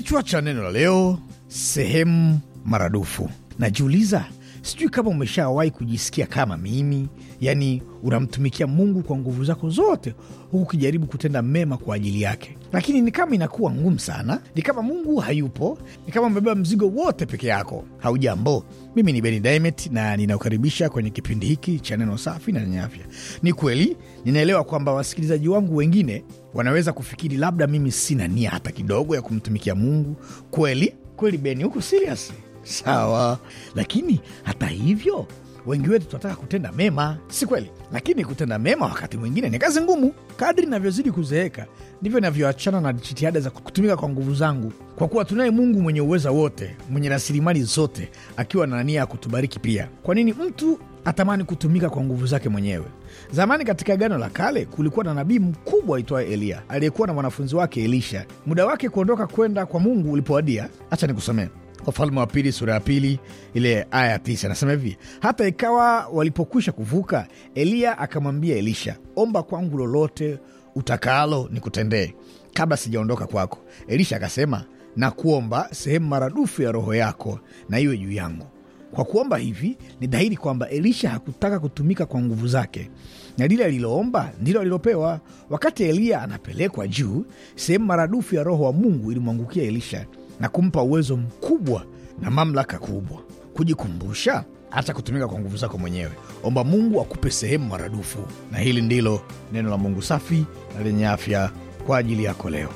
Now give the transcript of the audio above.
Kichwa cha neno la leo, sehemu maradufu. Najiuliza, Sijui kama umeshawahi kujisikia kama mimi, yaani unamtumikia Mungu kwa nguvu zako zote, huku ukijaribu kutenda mema kwa ajili yake, lakini ni kama inakuwa ngumu sana, ni kama Mungu hayupo, ni kama umebeba mzigo wote peke yako. Haujambo, mimi ni Beni Dimet na ninakukaribisha kwenye kipindi hiki cha neno safi na lenye afya. Ni kweli, ninaelewa kwamba wasikilizaji wangu wengine wanaweza kufikiri labda mimi sina nia hata kidogo ya kumtumikia Mungu. Kweli kweli, Beni, huko serious sawa, lakini hata hivyo wengi wetu tunataka kutenda mema, si kweli? Lakini kutenda mema wakati mwingine ni kazi ngumu. Kadri inavyozidi kuzeeka, ndivyo inavyoachana na jitihada za kutumika kwa nguvu zangu, kwa kuwa tunaye Mungu mwenye uweza wote, mwenye rasilimali zote, akiwa na nania ya kutubariki pia. Kwa nini mtu atamani kutumika kwa nguvu zake mwenyewe? Zamani katika gano la Kale kulikuwa na nabii mkubwa aitwaye Eliya aliyekuwa na mwanafunzi wake Elisha. Muda wake kuondoka kwenda kwa Mungu ulipowadia, hacha nikusomea Wafalme wa Pili sura ya pili ile aya ya tisa nasema hivi: hata ikawa walipokwisha kuvuka, Eliya akamwambia Elisha, omba kwangu lolote utakalo nikutendee, kabla sijaondoka kwako. Elisha akasema, nakuomba sehemu maradufu ya roho yako na iwe juu yangu. Kwa kuomba hivi ni dhahiri kwamba Elisha hakutaka kutumika kwa nguvu zake, na lile aliloomba ndilo alilopewa. Wakati Eliya anapelekwa juu, sehemu maradufu ya roho wa Mungu ilimwangukia Elisha na kumpa uwezo mkubwa na mamlaka kubwa. Kujikumbusha hata kutumika kwa nguvu zako mwenyewe. Omba Mungu akupe sehemu maradufu. Na hili ndilo neno la Mungu safi na lenye afya kwa ajili yako leo.